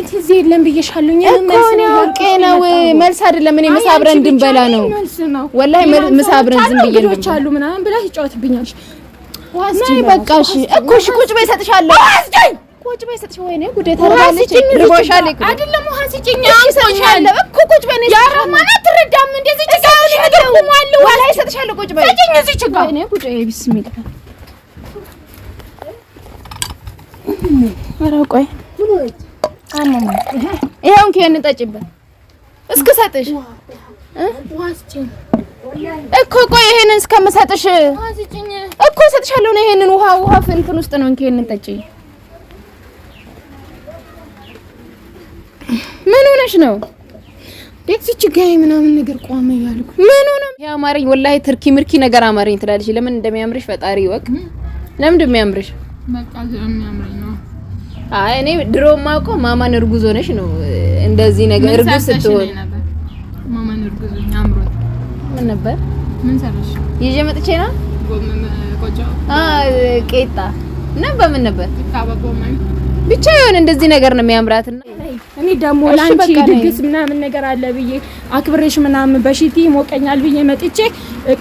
ቤት እዚህ የለም ብዬሻለሁ እኮ እኔ አውቄ ነው። መልስ አይደለም እኔ ምሳ አብረን ድንበላ ነው። ወላሂ ምሳ አብረን ዝም ብዬሽ ነው። ልጆች አሉ ምናምን ብላ ይጫወትብኛል። ነይ በቃ እሺ እኮ እሺ ቁጭ በይ እሰጥሻለሁ። ቁጭ በይ እሰጥሽ። ወይኔ ጉዴ ተረዳለች። ርቦሻል አይደለም? ውሃ ስጭኝ። እሰጥሻለሁ እኮ ቁጭ በይ። ያረማና አትረዳም። እንደዚህ ጭቃሽ ተደርኩማለሁ። ወላሂ እሰጥሻለሁ። ቁጭ በይ ስጭኝ። እዚህ ጭቃ ወይኔ ጉዴ። ቢስሚላ ኧረ ቆይ ይሄውን ኪያን እስከ ሰጥሽ እኮ ቆይ ይሄንን እስከምሰጥሽ እኮ እሰጥሻለሁ ነው። ይሄንን ውሃ ውሃ ፍንትን ውስጥ ነው እንኪ ይሄንን ጠጪ። ምን ሆነሽ ነው? ዴክሲች ጋይ ምናምን ነገር ቆመ ያልኩ ምን ሆነ? ያማረኝ ወላሂ ትርኪ ምርኪ ነገር አማረኝ ትላለች። ለምን እንደሚያምርሽ ፈጣሪ ይወቅ። ለምን እንደሚያምርሽ በቃ ስለሚያምረኝ አይ እኔ ድሮ ማውቀው ማማን እርጉዝ ነሽ ነው እንደዚህ ነገር እርጉዝ ስትሆን ማማን እርጉዝ አምሮት ምን ነበር ምን ሰራሽ ይዤ መጥቼ ነው ጎመን ቄጣ ነበር ምን ነበር ብቻ የሆነ እንደዚህ ነገር ነው የሚያምራት እና እኔ ደግሞ ላንቺ ድግስ ምናምን ነገር አለ ብዬ አክብሬሽ ምናምን በሽቲ ይሞቀኛል ብዬ መጥቼ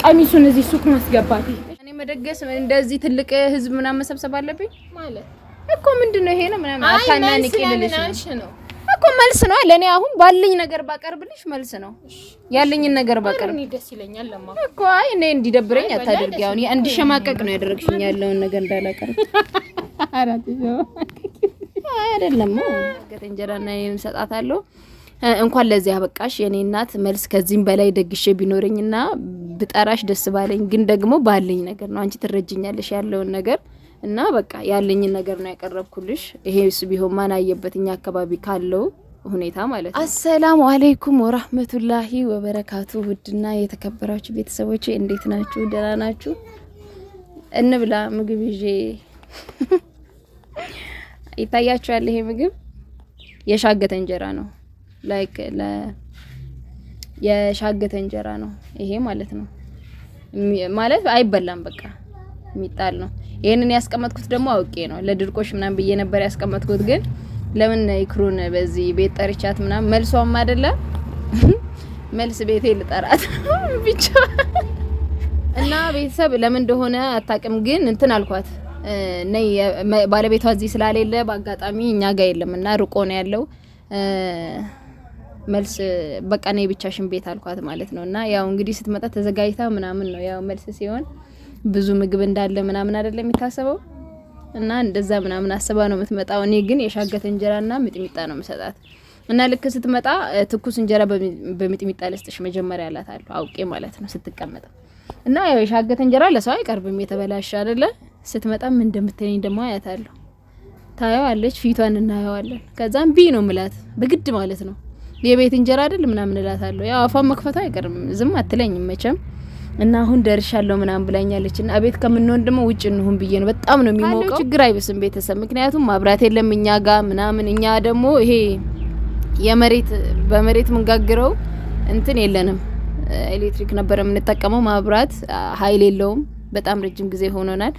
ቀሚሱን እዚህ ሱቅ ማስገባት እኔ መደገስ እንደዚህ ትልቅ ህዝብ ምናምን መሰብሰብ አለብኝ ማለት እኮ ምንድን ነው ይሄ ነው ምናምን አታናንቂ ልልሽ ነው እኮ መልስ ነው ለእኔ አሁን ባለኝ ነገር ባቀርብልሽ መልስ ነው ያለኝን ነገር ባቀርብ ደስ ይለኛል። ለማ እኮ አይ እኔ እንዲደብረኝ አታድርጊ። አሁን እንድሸማቀቅ ነው ያደረግሽኝ ያለውን ነገር እንዳላቀርብ አራት ነው አይ አይደለም ገት እንጀራና እኔም ሰጣታለሁ። እንኳን ለዚህ አበቃሽ የኔ እናት። መልስ ከዚህም በላይ ደግሼ ቢኖረኝና ብጠራሽ ደስ ባለኝ፣ ግን ደግሞ ባለኝ ነገር ነው። አንቺ ትረጅኛለሽ ያለውን ነገር እና በቃ ያለኝን ነገር ነው ያቀረብኩልሽ። ይሄስ ቢሆን ማን አየበት እኛ አካባቢ ካለው ሁኔታ ማለት ነው። አሰላሙ አሌይኩም ወራህመቱላሂ ወበረካቱ። ውድና የተከበራችሁ ቤተሰቦች እንዴት ናችሁ? ደህና ናችሁ? እንብላ ምግብ ይዤ ይታያችኋል። ይሄ ምግብ የሻገተ እንጀራ ነው። ላይክ ለ የሻገተ እንጀራ ነው ይሄ ማለት ነው። ማለት አይበላም በቃ የሚጣል ነው። ይህንን ያስቀመጥኩት ደግሞ አውቄ ነው። ለድርቆሽ ምናምን ብዬ ነበር ያስቀመጥኩት። ግን ለምን ይክሩን በዚህ ቤት ጠርቻት ምናምን መልሷም አይደለም መልስ ቤቴ ልጠራት ብቻ እና ቤተሰብ ለምን እንደሆነ አታውቅም። ግን እንትን አልኳት ነይ ባለቤቷ እዚህ ስላሌለ በአጋጣሚ እኛ ጋር የለም እና ርቆ ነው ያለው መልስ በቃ ነይ ብቻሽን ቤት አልኳት ማለት ነው። እና ያው እንግዲህ ስትመጣ ተዘጋጅታ ምናምን ነው ያው መልስ ሲሆን ብዙ ምግብ እንዳለ ምናምን አይደለም የሚታሰበው እና እንደዛ ምናምን አስባ ነው የምትመጣው። እኔ ግን የሻገተ እንጀራና ሚጥሚጣ ነው የምሰጣት። እና ልክ ስትመጣ ትኩስ እንጀራ በሚጥሚጣ ልስጥሽ መጀመሪያ እላታለሁ፣ አውቄ ማለት ነው ስትቀመጥ። እና ያው የሻገተ እንጀራ ለሰው አይቀርብም የተበላሸ አይደለ። ስትመጣ ምን እንደምትለኝ ደግሞ አያታለሁ። ታየዋለች፣ ፊቷን እናየዋለን። ከዛም ቢ ነው ምላት በግድ ማለት ነው። የቤት እንጀራ አይደል ምናምን እላታለሁ። ያው አፏን መክፈቷ አይቀርም፣ ዝም አትለኝም መቼም እና አሁን ደርሻለሁ ምናምን ብላኛለች። እና ቤት ከምንሆን ደግሞ ውጭ እንሁን ብዬ ነው። በጣም ነው የሚሞቀው። ችግር አይብስም ቤተሰብ፣ ምክንያቱም ማብራት የለም እኛ ጋር ምናምን። እኛ ደግሞ ይሄ የመሬት በመሬት የምንጋግረው እንትን የለንም። ኤሌክትሪክ ነበር የምንጠቀመው። ማብራት ኃይል የለውም። በጣም ረጅም ጊዜ ሆኖናል።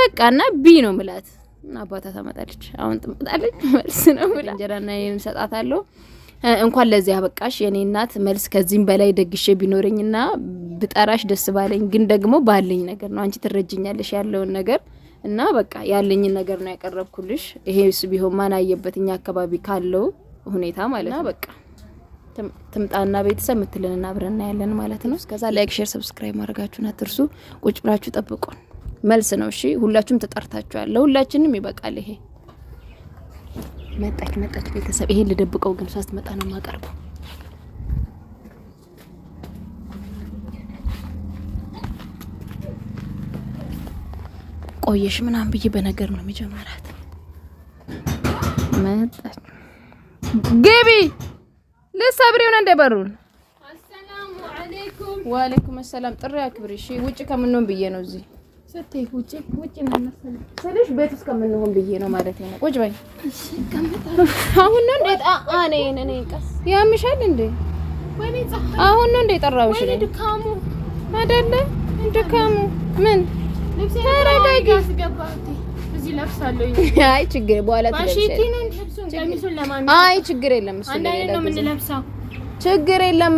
በቃ እና ቢ ነው ምላት እና አባታ ታመጣለች። አሁን ትመጣለች። መልስ ነው ምላ እንጀራና ይህን ሰጣታለሁ። እንኳን ለዚህ አበቃሽ የኔ እናት መልስ ከዚህም በላይ ደግሼ ቢኖረኝና ብጠራሽ ደስ ባለኝ፣ ግን ደግሞ ባለኝ ነገር ነው። አንቺ ትረጅኛለሽ ያለውን ነገር እና በቃ ያለኝን ነገር ነው ያቀረብኩልሽ። ይሄስ ቢሆን ማን አየበት? እኛ አካባቢ ካለው ሁኔታ ማለት ነው። በቃ ትምጣና ቤተሰብ የምትልን እናብረና ያለን ማለት ነው። እስከዛ ላይክ፣ ሼር፣ ሰብስክራይብ ማድረጋችሁን አትርሱ። ቁጭ ብላችሁ ጠብቁን። መልስ ነው። እሺ ሁላችሁም ተጠርታችኋል። ለሁላችንም ይበቃል ይሄ። መጣች መጣች ቤተሰብ። ይሄን ልደብቀው ግን ሳትመጣ ነው የማቀርበው። ቆየሽ ምናምን ብዬ በነገር ነው የሚጀምራት። መጣች ግቢ ልትሰብሪው ነው እንደበሩን ወአለይኩም ሰላም። ጥሪ አክብሪ እሺ። ውጭ ከምንሆን ብዬ ነው እዚህ ስትይ ውጭ ውጭ ስልሽ ቤት ውስጥ ከምንሆን ብዬ ነው ማለት ነው። ቁጭ በይ አሁን ነው እንዴ? አኔ ነኔ ቀስ ያምሻል እንዴ? አሁን ነው እንዴ ጠራውሽ? አይደለ ድካሙ ምን አይ ችግር በኋላ አይ ችግር የለም። ችግር የለም።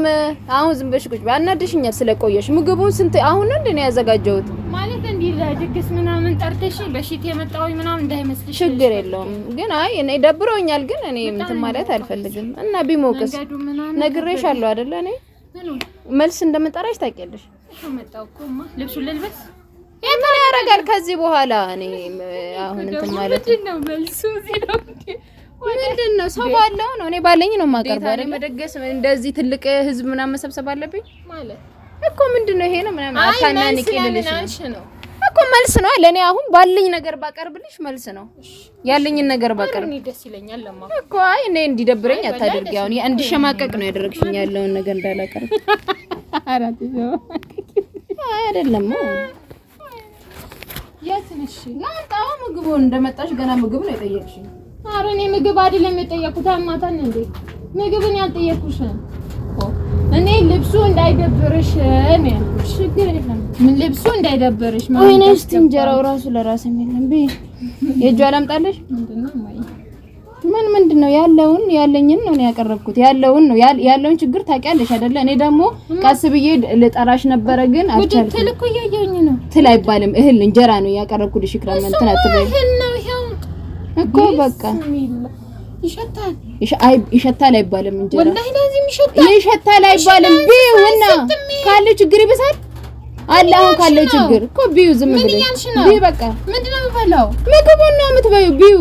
አሁን ዝም ብለሽ ቁጭ በይ። አናደሽኛል ስለቆየሽ። ምግቡን ስንት አሁን ነው እንደ እኔ ያዘጋጀሁት ማለት እንዲህ ለድግስ ምናምን ጠርተሽ በሽት የመጣው ምናምን እንዳይመስልሽ። ችግር የለውም ግን አይ እኔ ደብሮኛል፣ ግን እኔ እንትን ማለት አልፈልግም እና ቢሞቅስ ነግሬሻለሁ አይደለ? እኔ መልስ እንደምጠራሽ ታውቂያለሽ። ልብሱን ልልበስ የምን ያደርጋል ከዚህ በኋላ እኔ አሁን እንትን ማለት ነው መልሱ እዚህ ነው ምንድን ነው ሰው ባለው ነው እኔ ባለኝ ነው የማቀርበው አይደል መደገስ እንደዚህ ትልቅ ህዝብ ምናምን መሰብሰብ አለብኝ ማለት እኮ ምንድን ነው ይሄ ነው ምናምን አታናንቂ ልልሽ ነው እኮ መልስ ነው ለእኔ አሁን ባለኝ ነገር ባቀርብልሽ መልስ ነው ያለኝን ነገር ባቀርብ ደስ ይለኛል ለማ እኮ አይ እኔ እንዲደብረኝ አታድርጊ አሁን እንዲሸማቀቅ ነው ያደረግሽኝ ያለውን ነገር እንዳላቀርብ አራት ነው አይደለም የትንሽ ናጣው ምግቡ እንደመጣሽ ገና ምግብ ነው የጠየቅሽኝ። ኧረ እኔ ምግብ አይደለም የጠየቅኩት አማታን እንዴ ምግብን ያልጠየቅኩሽ እኔ ልብሱ እንዳይደብርሽ ነው ያልኩሽ። ችግር የለም ምን ልብሱ እንዳይደብርሽ ማለት ነው። እንጀራው ራሱ ለራስ የሚለም በይ የእጇ ላምጣለሽ ምንድነው ምን ምንድን ነው ያለውን ያለኝን ነው ያቀረብኩት። ያለውን ነው ያለውን ችግር ታውቂያለሽ አይደለ? እኔ ደግሞ ቀስ ብዬ ልጠራሽ ነበረ ግን አልቻልኩም። ትል እኮ እያየሁኝ ነው። ትል አይባልም እህል እንጀራ ነው ያቀረብኩልሽ። ይክራም እንትን ነው እኮ በቃ ይሸታል አይባልም እንጀራ ይሸታል አይባልም። ቢውና ካለ ችግር ይብሳል አለ አሁን ካለው ችግር እኮ ቢዩ ዝም ብለሽ ቢው በቃ ምንድነው ነው የምትበይው ቢዩ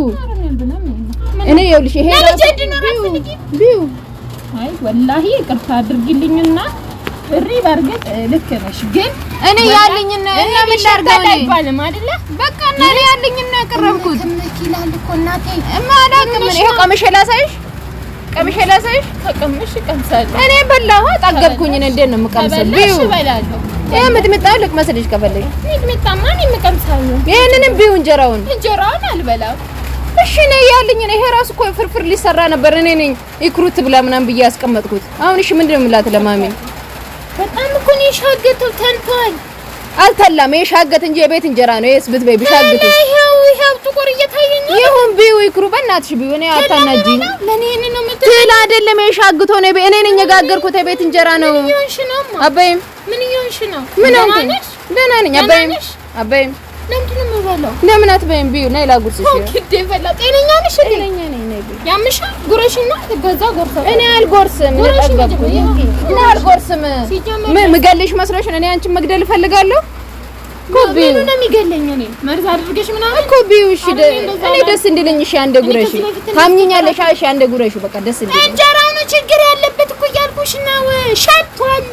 እኔ ይኸውልሽ ይሄ ቢው አይ ወላሂ ይቅርታ አድርጊልኝና እሪ በርግጥ ልክ ነሽ፣ ግን እኔ ያለኝን እና ምን ላድርገው አይባልም አይደለ? በቃ እና እኔ ያለኝን ነው ያቀረብኩት። ይላል እኮ እናቴ እማ ነው። እኔ ቀምሼ ላሳይሽ፣ ቀምሼ ላሳይሽ። ተቀምሽ ቀምሳለሁ እኔ በላሁ አጣገብኩኝ። እኔ እንዴት ነው የምቀምሰው? ቢው ይሄ ምጥምጣ ልቅመስልሽ ከፈለግሽ፣ ምጥምጣ ማን የምቀምሳለሁ? ይሄንንም ቢው እንጀራውን እንጀራውን አልበላም እሺ ነው ያለኝ ነው። ይሄ ራሱ እኮ ፍርፍር ሊሰራ ነበር። እኔ ነኝ ይክሩት ብላ ምናምን ብዬ ያስቀመጥኩት። አሁን እሺ ምንድነው የምላት ለማሚ? በጣም እኮ ነው የሻገተው። ተንቷል። አልተላም። ይሄ ሻገት እንጂ የቤት እንጀራ ነው። ይሄስ ብትበይ ቢሻገት ይሄው ይሄው ጥቁር እየታየኝ ነው። ይሁን ቢው ይክሩ፣ በእናትሽ ቢው። እኔ አታናጂ ለኔ እኔ ነው የምትል ትል አይደለም። ይሄ ሻግቶ ነው። እኔ ነኝ የጋገርኩት። የቤት እንጀራ ነው። ምን ይሆንሽ ነው? አባይም ምን ይሆንሽ ነው? ምን አንተ ደህና ነኝ። አባይም አባይም ልበለው? ለምን አትበይም? ቢዩ ነይ ላጉርስሽ። ጤነኛ ነሽ? ጤነኛ ነኝ። ያምሻል? ጉረሽና ገዛ ጎርሰ። እኔ አልጎርስም፣ እኔ አልጎርስም። ምን ምገልሽ መስሎሽ? እኔ አንቺን መግደል እፈልጋለሁ። ቢዩ ነው የሚገለኝ። እኔ መርዝ አድርገሽ ምናምን እኮ ቢዩ። እሺ እኔ ደስ እንድልኝ እሺ አንዴ ጉረሽ፣ ታምኚኛለሽ? እሺ አንዴ ጉረሽ፣ በቃ ደስ እንድልኝ። እንጀራው ነው ችግር ያለበት እኮ እያልኩሽ ነው። ሸቷል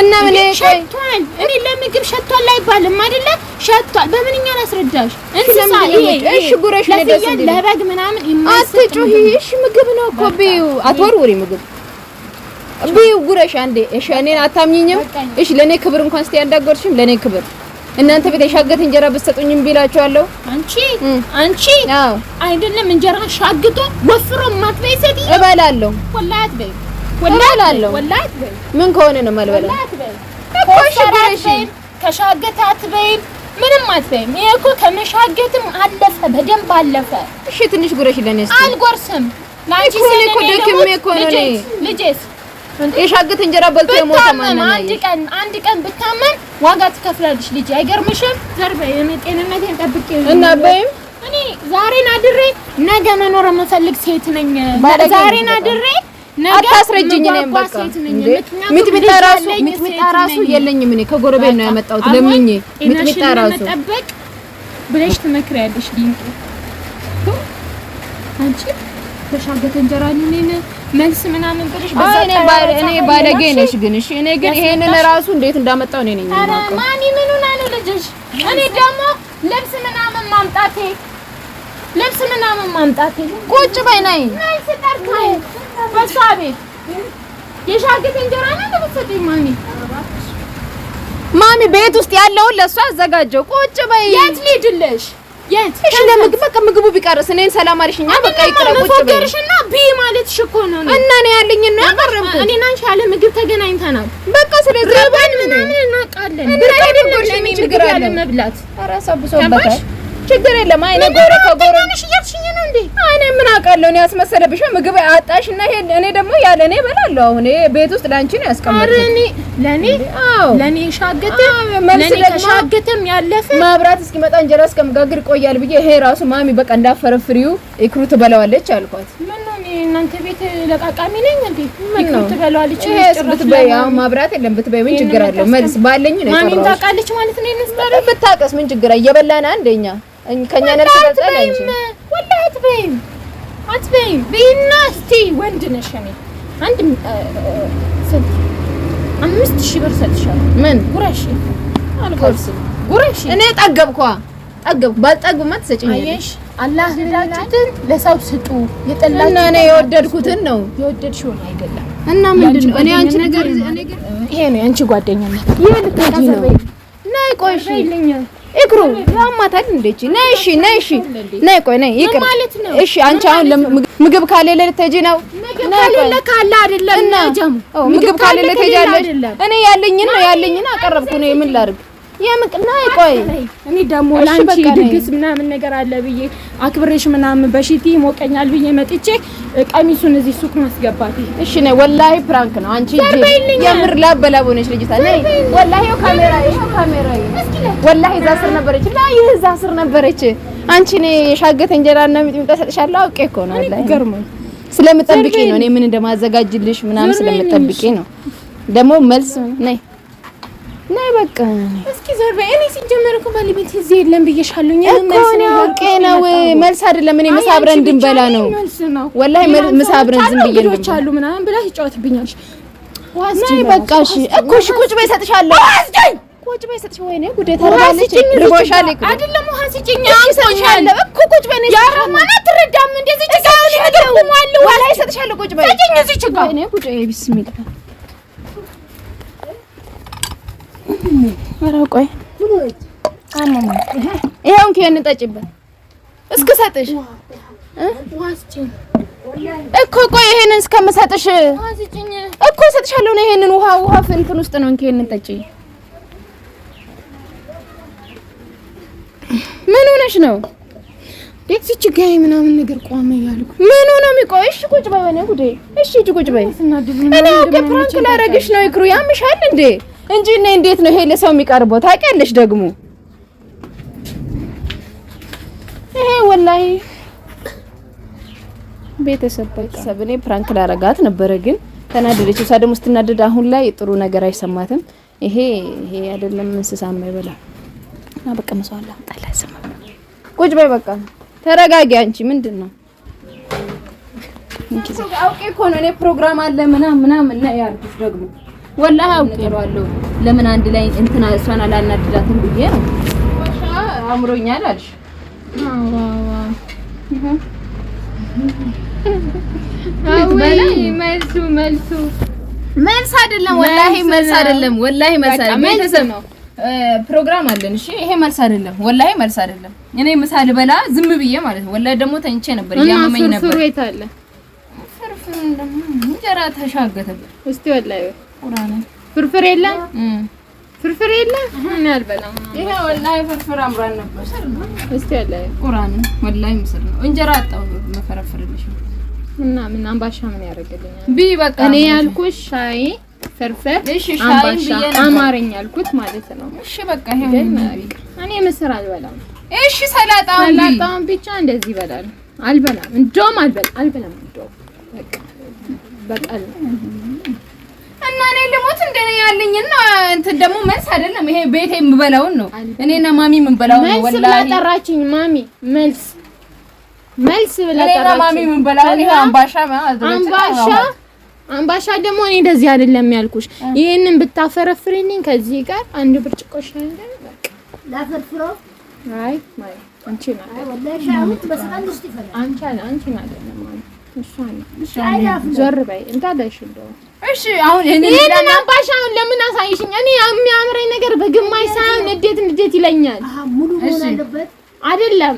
እና ምን እኔ አስረዳሽ። እንስሳ እሺ፣ ጉረሽ ለፍየል ለበግ ምናምን አትጩሂ። እሺ፣ ምግብ ነው እኮ ብይው፣ አትወርውሪ ምግብ ብይው፣ ጉረሽ አንዴ። እሺ፣ እኔን አታምኚኝም። እሺ፣ ለእኔ ክብር እንኳን ስትይ አንዳጎርሽም። ለእኔ ክብር እናንተ ቤት የሻገት እንጀራ ብትሰጡኝም ቢላችኋለሁ። አንቺ አንቺ አይደለም እንጀራ ሻግቶ ወፍሮ ማትበይ ሴትዮ እበላለሁ። ወላሂ አትበይ፣ ወላሂ አትበይ። ምን ከሆነ ነው የማልበላው እኮ? እሺ ከሻገት አትበይም ምንም አትበይም። ይሄ እኮ ከመሻገትም አለፈ፣ በደንብ አለፈ። እሺ ትንሽ ጉረሽ ለኔ እስኪ። አልጎርስም ላንቺ ስለኔ እኮ ደክሜ እኮ ነው እኔ ልጄስ የሻገት እንጀራ በልቶ የሞተ ማን ነው? አንድ ቀን አንድ ቀን ብታመን ዋጋ ትከፍላለች ልጅ። አይገርምሽም? ዘርበ የጤንነቴን ጠብቄ እና በይም እኔ ዛሬን አድሬ ነገ መኖር የምፈልግ ሴት ነኝ። ዛሬን አድሬ አታስረጅኝ። እኔም በቃ ሚጥሚጣ ሚጥሚጣ የለኝም። እኔ ከጎረቤት ነው ያመጣሁት። ለምኜ ሚጥሚጣ ብለሽ ትመክሪያለሽ። አንቺ ተሻገተ እንጀራ መልስ ምናምን ብለሽ በዛ እኔ ባለጌ ነሽ ግን እሺ። እኔ ግን ይሄንን እንዴት እንዳመጣው እኔ ነኝ የማውቀው። ማን ምኑን አለው ልጅሽ? እኔ ደግሞ ልብስ ምናምን ማምጣቴ ልብስ ምናምን ማምጣቴ ቁጭ በይ ነይ በእሷ የሻግት እንጀራ ነው የምትሰጪኝ ማሚ? ማሚ ቤት ውስጥ ያለውን ለእሷ አዘጋጀው። ቁጭ በይ። የት ልሂድልሽ? የት እሺ፣ ለምግብ በቃ ምግቡ ቢቀርስ እኔን ሰላም አልሽኛ። በቃ ይቅረብ። ቁጭ በይ ቢ ማለት ሽኮ ነው እና ነው ያለኝ ነው ያቀረብኩት። እኔ እና አንቺ ያለ ምግብ ተገናኝተናል። በቃ ስለዚህ ምናምን እናውቃለን። ምን አይነት ምግብ ያለ መብላት ኧረ በቃ ችግር የለም። አይኔ ጎረ ከጎረ ሽያችኝ ነው እንዴ? አይኔ ምን አውቃለሁ እኔ ያስመሰለብሽ ምግብ አጣሽ እና ይሄ እኔ ደግሞ ያለ እኔ እበላለሁ። አሁን ቤት ውስጥ ላንቺ ነው ያስቀመጥኩት። ኧረ እኔ ለእኔ ለእኔ ሻገተም ለኔ ከሻገተም ያለፈ ማብራት እስኪመጣ እንጀራ እስከምጋግር ቆያል ብዬ ይሄ ራሱ ማሚ በቃ እንዳፈረፍሪው ይክሩ ትበላዋለች አልኳት። ምን ነው እናንተ ቤት ለቃቃሚ ነኝ እንዴ? ምነው ትበለዋለች? ብትበይ አሁን ማብራት የለም ብትበይ ምን ችግር አለው? መልስ ባለኝ ነው ማሚም ታውቃለች ማለት ነው። ይሄን ስታረ ብታውቅስ ምን ችግር እየበላን አንደኛ ከኛ ነርስ ተበልጸለ እንጂ ወላሂ አትበይም፣ አትበይም በይና እስቲ ወንድ ነሽ እኔ አንድ ስንት አምስት ሺህ ብር ሰጥሻለሁ። ምን ጉራሽ አልቆርስ ጉራሽ እኔ ጠገብኳ ጠገብኩ። ባልጠግብማ ትሰጪኝ። አየሽ አላህ ልዳችሁትን ለሰው ስጡ። የጠላችሁት እኔ የወደድኩትን ነው። የወደድሽውን አይደለም። እና ምንድን ነው እኔ አንቺ ነገር ይሄ ነው የአንቺ ጓደኛነት። ይሄ ልታጂ ነው። ነይ ቆይ እሺ ይቅሩ ያማታል። እንዴት ነይ? እሺ ነይ። እሺ ነይ። ቆይ ነይ። ይቅር እሺ። አንቺ አሁን ምግብ ከሌለ ልትሄጂ ነው? ከሌለ ካለ አይደለም። ምግብ ከሌለ ትሄጃለሽ። እኔ ያለኝን ነው ያለኝን አቀረብኩ ነው። ምን ላድርግ? የምቅና ቆይ እኔ ደግሞ ድግስ ምናምን ነገር አለ ብዬ አክብሬሽ ምናምን በሽቲ ሞቀኛል ብዬ መጥቼ ቀሚሱን እዚህ ሱቅ ማስገባት እሺ ወላሂ ፕራንክ ነው። አንቺ የምር ላበላብ ሆነሽ ልጅታ ነይ። ወላሂ ካሜራ ካሜራ ወላሂ እዛ ስር ነበረች ላ እዛ ስር ነበረች። አንቺ እኔ የሻገተ እንጀራ እና ሚጥሚጣ ሰጥሻለሁ አውቄ እኮ ነው። ወላሂ ገርሞኝ ነው። እኔ ምን እንደማዘጋጅልሽ ምናምን ነው። ደግሞ መልስ ነይ ናይ በቃ እስኪ ዞር በይ። እኔ ሲጀመር እኮ ባለቤት እዚህ የለም ብዬሻለሁ እኮ ነው። ነው መልስ አይደለም። እኔ ምሳ አብረን እንድንበላ ነው። ወላሂ ምሳ አብረን ዝም ብዬሽ ልጆች አሉ ምናምን ብላ ትጫወትብኛለሽ። ናይ በቃ እሺ እኮ እሺ፣ ቁጭ በይ እሰጥሻለሁ። ቁጭ በይ እሰጥሽ። ወይኔ ጉዴ ታደርጋለች። ርቦሻል አይደለም? ውሃ ስጭኝ። እሰጥሻለሁ እኮ ቁጭ በይ። አትረዳም። እንደዚህ ጭቃ እሰጥሻለሁ። ቁጭ በይ፣ ስጭኝ እዚህ ጭቃ። ወይኔ ጉዴ ቢስሚላ ኧረ ቆይ ይኸው እንኪ ይሄንን ጠጪበት እስክሰጥሽ እኮ ቆይ ይሄንን እስከምሰጥሽ እኮ እሰጥሻለሁ ነው ይሄንን ውሃ ውሃ እንትን ውስጥ ነው እንኪ ይሄንን ምን ሆነሽ ነው ዴክሲች ጋይ ምናምን ነገር ቆመ እያልኩ ምን ሆነ የሚቆይ? እሺ ቁጭ በይ። እሺ ቁጭ በይ። እኔ ፕራንክ ላደርግሽ ነው ይክሩ ያምሻል እንዴ? እንጂ እኔ እንዴት ነው ይሄ ለሰው የሚቀርበው? ታውቂያለሽ ደግሞ ይሄ ወላሂ ቤተሰብ ቤተሰብ እኔ ፕራንክ ላረጋት ነበረ ግን ተናደደች። እሷ ደግሞ ስትናደድ አሁን ላይ ጥሩ ነገር አይሰማትም። ይሄ ይሄ አይደለም እንስሳ የማይበላ እና በቃ መስዋዕላ አምጣላ ሰማ ቁጭ በይ በቃ ተረጋጊ። አንቺ ምንድን ነው አውቄ እኮ ነው እኔ ፕሮግራም አለ ምናምን ምናምን እና ያልኩሽ ደግሞ ወላሂ አውቄዋለሁ። ለምን አንድ ላይ እንትና እሷን አላናድዳትም ብዬ ነው። አምሮኛል አልሽ። መልሱ መልሱ መልስ አይደለም። ወላሂ መልስ አይደለም። ወላሂ መልስ አይደለም። ፕሮግራም አለን። እሺ ይሄ መልስ አይደለም። ወላሂ መልስ አይደለም። እኔ ምሳ ልበላ ዝም ብዬ ማለት ነው። ወላሂ ደግሞ ተኝቼ ነበር፣ እያመመኝ ነበር። ፍርፍር እንጀራ ተሻገተበት እስቲ ወላሂ ፍርፍር የለም ፍርፍር የለም ምን አልበላም። ይሄ ወላሂ ምስር ነው። እንጀራ አጣው መፈረፍርልሽ እና ምን አምባሻ ምን ያደርግልኛል? ቢ በቃ እኔ ያልኩሽ ሻይ ፍርፍር፣ አምባሻ አማረኝ አልኩት ማለት ነው። እሺ በቃ ይሄ እኔ ምስር አልበላም። እሺ ሰላጣ ሰላጣውን ብቻ እንደዚህ ይበላል። አልበላም፣ እንደውም አልበላም፣ አልበላም፣ እንደውም በቃ በቃ እና እኔ ልሞት እንደኔ ያለኝ እና እንትን ደግሞ መልስ አይደለም ይሄ ቤቴ የምበላውን ነው። እኔና ማሚ የምንበላውን ነው። ወላሂ መልስ ጠራችኝ ማሚ መልስ መልስ ብላ ጠራችኝ። ማሚ የምንበላውን ይሄ አምባሻ አምባሻ አምባሻ ደግሞ እኔ እንደዚህ አይደለም ያልኩሽ። ይሄንን ብታፈረፍሪልኝ ከዚህ ጋር አንድ ብርጭቆ ሻይ እንደ በቃ ላፈርፍሮ። አይ ማይ አንቺ ናት አንቺ ናት። ዞር በይ እንዳለሽ እንደውም እሺ አሁን እኔ ይሄንን አምባሽ አሁን ለምን አሳይሽኝ? እኔ የሚያምረኝ ነገር በግማሽ ሳይሆን እንዴት እንዴት ይለኛል። ሙሉ መሆን አለበት አይደለም?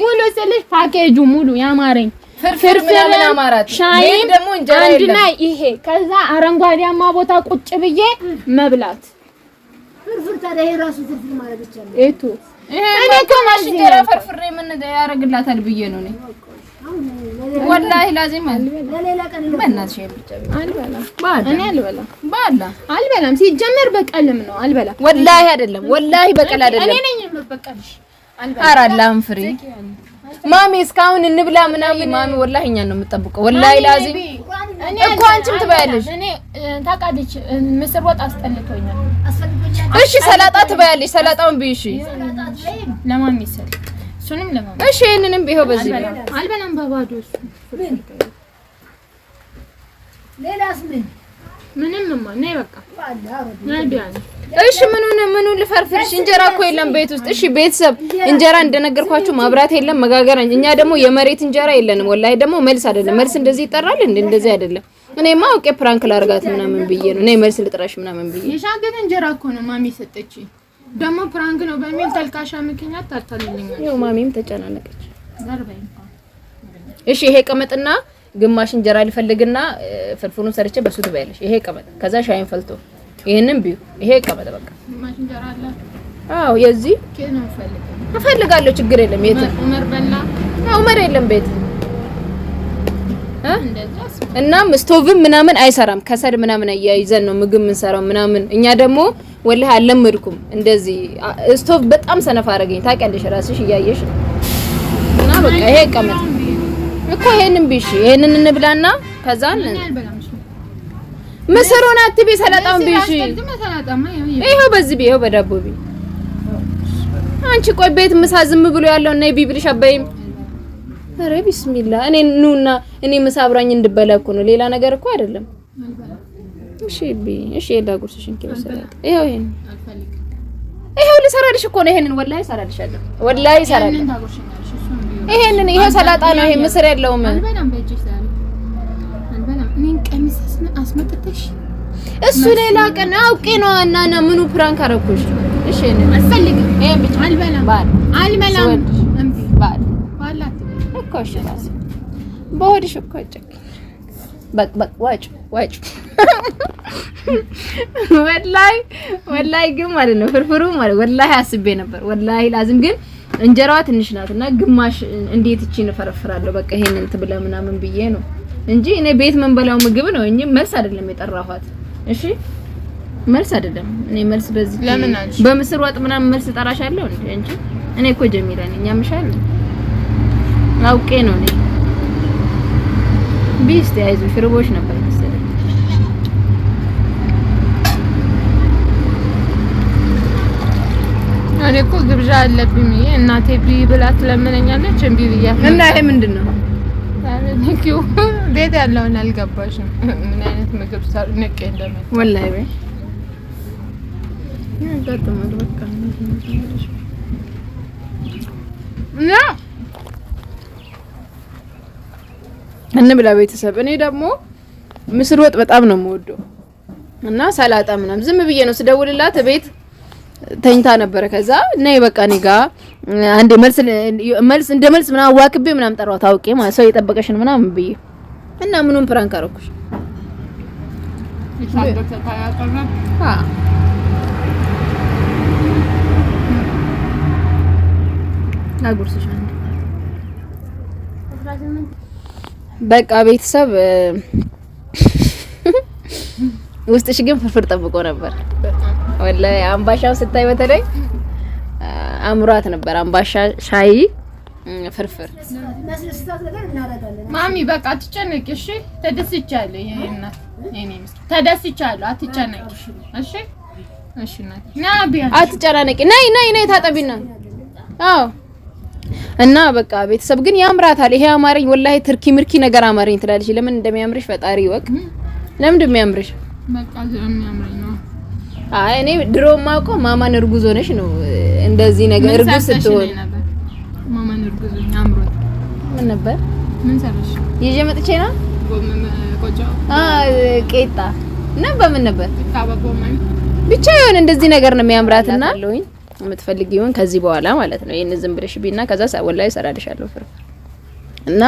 ሙሉ ስልሽ ፓኬጁ ሙሉ ያማረኝ ፍርፍር ሻይ ደግሞ እንጀራ አንድና ይሄ ከዛ አረንጓዴማ ቦታ ቁጭ ብዬ መብላት ፍርፍር። ታዲያ የራሱ ፍርፍር ማለት ብቻ ነው። እቱ እኔ እኮ ማሽን ፍርፍር ምን ያደርግላታል ብዬ ነው እኔ ወላሂ አልበላም። ሲጀመር በቀልም ነው አልበላም። ወላሂ አይደለም፣ ወላሂ በቀል አይደለም። ፍሬ ማሚ እስካሁን እንብላ ምናምን ማሚ ወላሂ እኛን ነው የምጠብቀው። ወላሂ ላዚም እኮ አንቺም ትበያለሽ። እኔ ታውቃለች፣ ምስር ወጥ አስጠልቶኛል። እሺ ሰላጣ ትበያለሽ። ሰላጣውን ብይ። ለማሚ ይሰል እሱንም ለማማ እሺ፣ ይሄንንም ይሄው በዚህ አልበላም። በባዶ እሱ ሌላስ ምን ምንም ነው ነይ በቃ እሺ። ምኑን ምኑን ልፈርፍርሽ? እንጀራ እኮ የለም ቤት ውስጥ። እሺ ቤተሰብ እንጀራ እንደነገርኳችሁ ማብራት የለም መጋገር፣ እኛ ደግሞ የመሬት እንጀራ የለንም። ወላሂ ደግሞ መልስ አይደለም መልስ እንደዚህ ይጠራል እንዴ? እንደዚህ አይደለም። እኔማ አውቄ ፕራንክ ላርጋት ምናምን ብዬ ነው እኔ መልስ ልጥራሽ ምናምን ብዬ የሻገተ እንጀራ እኮ ነው ማሚ ሰጠችኝ ደግሞ ፕራንክ ነው በሚል ተልካሻ ምክንያት ታታልልኛል። ያው ማሚም ተጨናነቀች። እሺ ይሄ ቀመጥና ግማሽ እንጀራ ልፈልግና ፍርፍሩን ሰርቼ በሱ ትበያለሽ። ይሄ ቀመጥ፣ ከዛ ሻይን ፈልቶ ይሄንን ቢዩ፣ ይሄ ቀመጥ በቃ ግማሽ እንጀራ አለ። አዎ የዚህ ከነ ፈልጋለሁ። ችግር የለም። የት ነው ዑመር በላ? ዑመር የለም ቤት እናም ስቶቭም ምናምን አይሰራም። ከሰል ምናምን አያይዘን ነው ምግብ የምንሰራው ምናምን። እኛ ደግሞ ወላሂ አልለመድኩም እንደዚህ። ስቶቭ በጣም ሰነፍ አደረገኝ። ታውቂያለሽ ራስሽ እያየሽ እና በቃ ይሄ ቀመጥ እኮ ይሄንን ቢሽ ይሄንን እንብላና ከዛን ምስሩን አትቢ ሰላጣውን ቢሽ ይሄው በዚህ ይሄው በዳቦ ቢ አንቺ ቆይ ቤት ምሳ ዝም ብሎ ያለው እና ቢብልሽ አባይም አረ ቢስሚላ እኔ ኑና እኔ ምሳ አብራኝ እንድበላ እኮ ነው፣ ሌላ ነገር እኮ አይደለም። እሺ ቢ እሺ የላ ጉርስሽን ኪሎ ሰላጥ ይሄው ይሄን ይሄው ልሰራልሽ እኮ ነው። ይሄንን ወላሂ እሰራልሻለሁ፣ ወላሂ እሰራልሽ። ይሄንን ይሄው ሰላጣ ነው። ይሄ ምስር የለውም። እሱ ሌላ ቀን አውቄ ነው እና ምኑ ፕራንክ አደረኩሽ። እሺ ይሄንን አልፈልግም፣ ይሄን ብቻ አልበላም፣ አልበላም እኮ እራሴ በሆድሽ እኮ በቅበቅ ወጭ ወጭ። ወላሂ ወላሂ ግን ማለት ነው ፍርፍሩ ማለት ወላሂ አስቤ ነበር። ወላሂ ላዝም ግን እንጀራዋ ትንሽ ናት እና ግማሽ እንዴት እቺ እፈረፍራለሁ በቃ ይሄን እንትን ምናምን ብዬ ነው እንጂ እኔ ቤት መንበላው ምግብ ነው እንጂ መልስ አይደለም የጠራኋት። እሺ መልስ አይደለም። እኔ መልስ በዚህ በምስር ወጥ ምናምን መልስ እጠራሻለሁ እንጂ እኔ እኮ ጀሚላ ነኝ። ያምሻል አውቄ ነው እኔ ቢስ ተያይዞሽ ርቦሽ ነበር መሰለኝ። እኔ እኮ ግብዣ አለብኝ እናቴ ብይ ብላ ትለምነኛለች እምቢ ብያት እና ይሄ ምንድን ነው? ቤት ያለውን አልገባሽም? ምን አይነት ምግብ ሰር ንቄ እንደምን ወላሂ በይ ያጋጥማል። በቃ ነው እንብላ ቤተሰብ። እኔ ደግሞ ምስር ወጥ በጣም ነው የምወደው እና ሰላጣ ምናም ዝም ብዬ ነው ስደውልላት ቤት ተኝታ ነበረ። ከዛ ነይ በቃ እኔ ጋ አንዴ መልስ መልስ እንደ መልስ ምናምን ዋክቤ ምናም ጠራው ታውቂ ማለት ሰው የጠበቀሽን ምናም ብዬ እና ምኑን ፕራንክ አረኩሽ? አጉርስሻል በቃ ቤተሰብ ውስጥሽ ግን ፍርፍር ጠብቆ ነበር። ወላሂ አምባሻው ስታይ በተለይ አምሯት ነበር። አምባሻ ሻይ ፍርፍር ማሚ በቃ አትጨነቂ፣ እሺ። ተደስቻለሁ፣ ይሄና እኔ ምስኪን ተደስቻለሁ። አትጨነቂ፣ እሺ፣ እሺ። ና ቢያ አትጨናነቂ። ነይ ነይ ነይ ታጠቢና። አዎ እና በቃ ቤተሰብ ግን ያምራታል። ይሄ አማረኝ ወላሂ ትርኪ ምርኪ ነገር አማረኝ ትላለች። ለምን እንደሚያምርሽ ፈጣሪ ወቅ። ለምን እንደሚያምርሽ በቃ ስለሚያምረኝ አይ እኔ ድሮ ማቆ ማማን እርጉዝ ነሽ ነው እንደዚህ ነገር እርጉዝ ስትሆን ማማን እርጉዝ ያምሮት ምን ነበር ምን ሰራሽ? ይዤ መጥቼ ነው ቆጮ ቄጣ ነበር ምን ነበር ብቻ የሆነ እንደዚህ ነገር ነው የሚያምራትና አለውኝ የምትፈልጊውን ከዚህ በኋላ ማለት ነው ይህን ዝም ብለሽ ቢና ከዛ ሳወል ላይ እሰራልሻለሁ ፍርፍር እና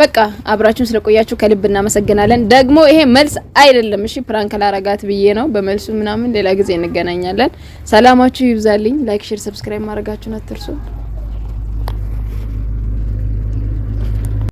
በቃ አብራችሁን ስለቆያችሁ ከልብ እናመሰግናለን። ደግሞ ይሄ መልስ አይደለም፣ እሺ ፕራንክ ላረጋት ብዬ ነው። በመልሱ ምናምን ሌላ ጊዜ እንገናኛለን። ሰላማችሁ ይብዛልኝ። ላይክ፣ ሼር፣ ሰብስክራይብ ማድረጋችሁን አትርሱ።